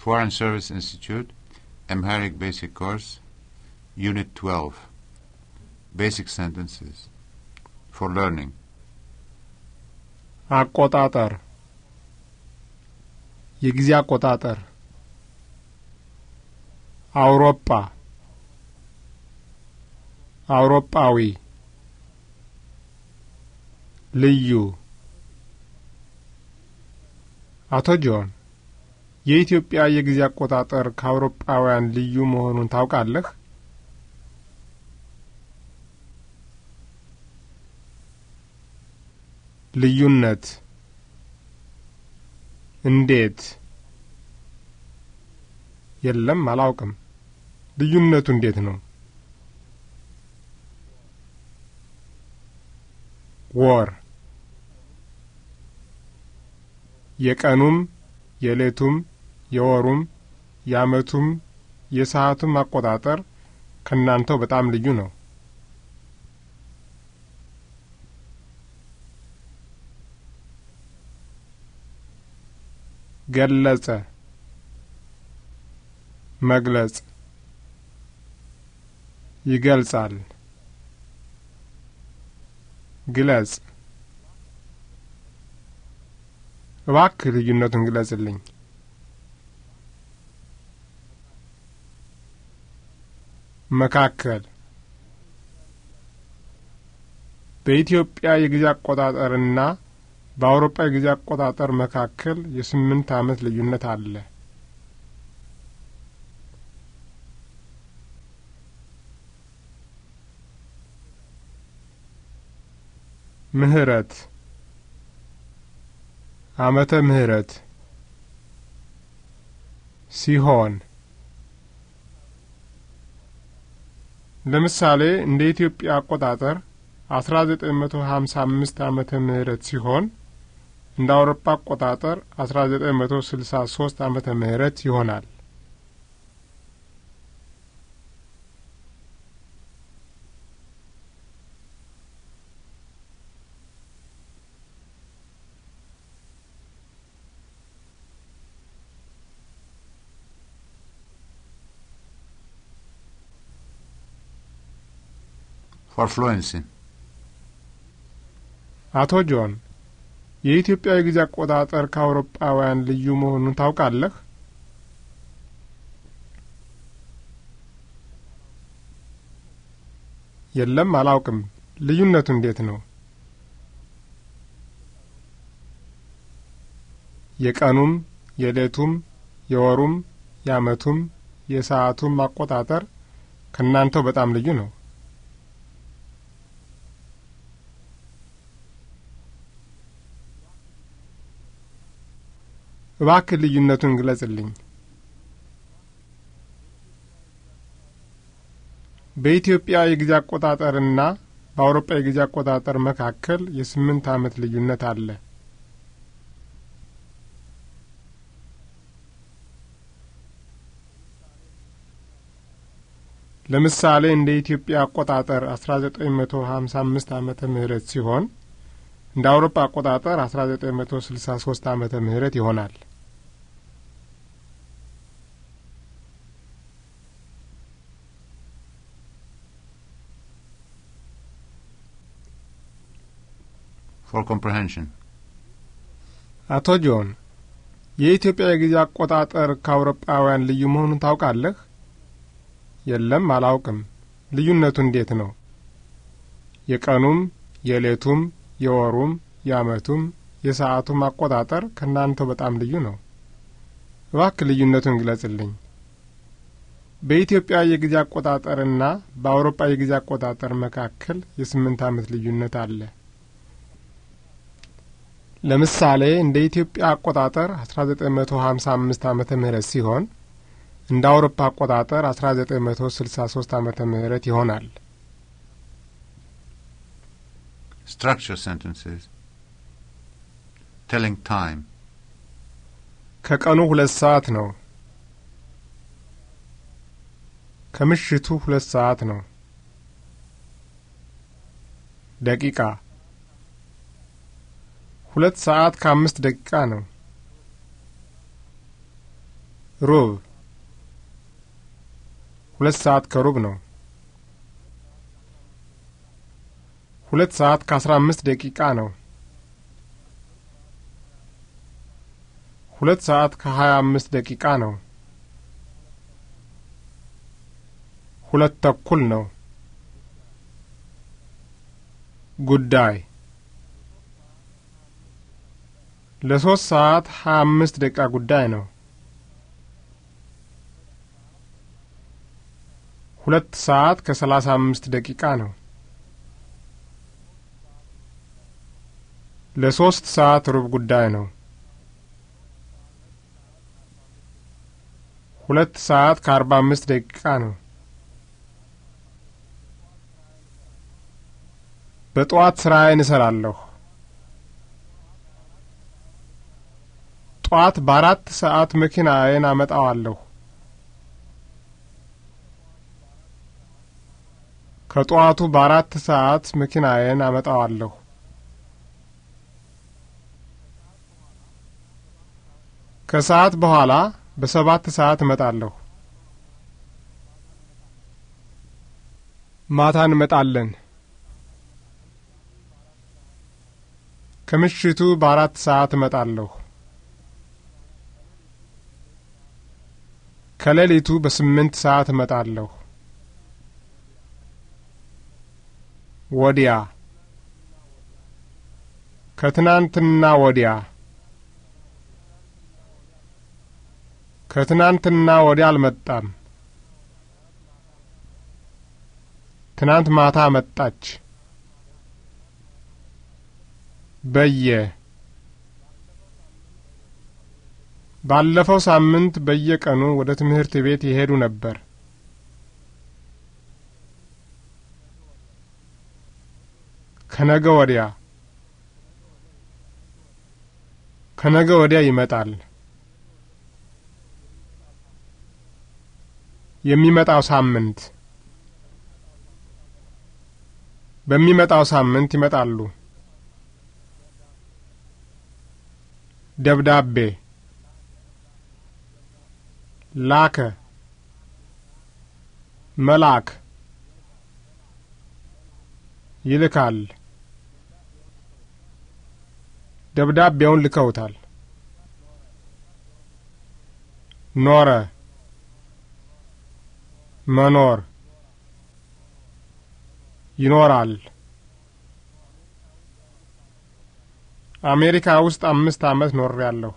Foreign Service Institute, Amharic Basic Course, Unit 12, Basic Sentences for Learning. A Akotatar. Yigzi akotatar. Europa. Europawi. Liyu. Atojon. የኢትዮጵያ የጊዜ አቆጣጠር ከአውሮጳውያን ልዩ መሆኑን ታውቃለህ? ልዩነት እንዴት? የለም፣ አላውቅም። ልዩነቱ እንዴት ነው? ወር የቀኑም የሌቱም የወሩም የአመቱም የሰዓቱም አቆጣጠር ከእናንተው በጣም ልዩ ነው። ገለጸ፣ መግለጽ፣ ይገልጻል፣ ግለጽ። እባክህ ልዩነቱን ግለጽልኝ። መካከል በኢትዮጵያ የጊዜ አቆጣጠርና በአውሮፓ የጊዜ አቆጣጠር መካከል የስምንት ዓመት ልዩነት አለ። ምህረት ዓመተ ምህረት ሲሆን ለምሳሌ እንደ ኢትዮጵያ አቆጣጠር አስራ ዘጠኝ መቶ ሀምሳ አምስት አመተ ምህረት ሲሆን እንደ አውሮፓ አቆጣጠር አስራ ዘጠኝ መቶ ስልሳ ሶስት አመተ ምህረት ይሆናል። ፎር ፍሉዌንሲ አቶ ጆን የኢትዮጵያ የጊዜ አቆጣጠር ከአውሮጳውያን ልዩ መሆኑን ታውቃለህ? የለም፣ አላውቅም። ልዩነቱ እንዴት ነው? የቀኑም የሌቱም የወሩም የዓመቱም የሰዓቱም አቆጣጠር ከእናንተው በጣም ልዩ ነው። እባክህ ልዩነቱን ግለጽልኝ። በኢትዮጵያ የጊዜ አቆጣጠርና በአውሮፓ የጊዜ አቆጣጠር መካከል የስምንት ዓመት ልዩነት አለ። ለምሳሌ እንደ ኢትዮጵያ አቆጣጠር አምስት ዓመተ ምህረት ሲሆን እንደ አውሮፓ አቆጣጠር 1963 ዓመተ ምህረት ይሆናል። for comprehension አቶ ጆን የኢትዮጵያ የጊዜ አቆጣጠር ከአውሮጳውያን ልዩ መሆኑን ታውቃለህ? የለም፣ አላውቅም። ልዩነቱ እንዴት ነው? የቀኑም የሌቱም የወሩም የዓመቱም የሰዓቱም አቆጣጠር ከእናንተው በጣም ልዩ ነው። እባክህ ልዩነቱን ግለጽልኝ። በኢትዮጵያ የጊዜ አቆጣጠርና በአውሮፓ የጊዜ አቆጣጠር መካከል የስምንት ዓመት ልዩነት አለ። ለምሳሌ እንደ ኢትዮጵያ አቆጣጠር 1955 አመተ ምህረት ሲሆን እንደ አውሮፓ አቆጣጠር 1963 አመተ ምህረት ይሆናል። Structure sentences telling time ከቀኑ ሁለት ሰዓት ነው። ከምሽቱ ሁለት ሰዓት ነው። ደቂቃ ሁለት ሰዓት ከአምስት ደቂቃ ነው። ሩብ ሁለት ሰዓት ከሩብ ነው። ሁለት ሰዓት ከአስራ አምስት ደቂቃ ነው። ሁለት ሰዓት ከሀያ አምስት ደቂቃ ነው። ሁለት ተኩል ነው። ጉዳይ ለሶስት ሰዓት ሀያ አምስት ደቂቃ ጉዳይ ነው። ሁለት ሰዓት ከሰላሳ አምስት ደቂቃ ነው። ለሶስት ሰዓት ሩብ ጉዳይ ነው። ሁለት ሰዓት ከአርባ አምስት ደቂቃ ነው። በጠዋት ስራዬን እሰራለሁ። ጠዋት በአራት ሰዓት መኪናዬን አመጣዋለሁ። ከጠዋቱ በአራት ሰዓት መኪናዬን አመጣዋለሁ። ከሰዓት በኋላ በሰባት ሰዓት እመጣለሁ። ማታ እንመጣለን። ከምሽቱ በአራት ሰዓት እመጣለሁ። ከሌሊቱ በስምንት ሰዓት እመጣለሁ። ወዲያ ከትናንትና ወዲያ ከትናንትና ወዲያ አልመጣም። ትናንት ማታ መጣች። በየ ባለፈው ሳምንት በየቀኑ ወደ ትምህርት ቤት ይሄዱ ነበር። ከነገ ወዲያ ከነገ ወዲያ ይመጣል። የሚመጣው ሳምንት በሚመጣው ሳምንት ይመጣሉ። ደብዳቤ ላከ መላክ ይልካል ደብዳቤውን ልከውታል ኖረ መኖር ይኖራል አሜሪካ ውስጥ አምስት ዓመት ኖሬ ያለሁ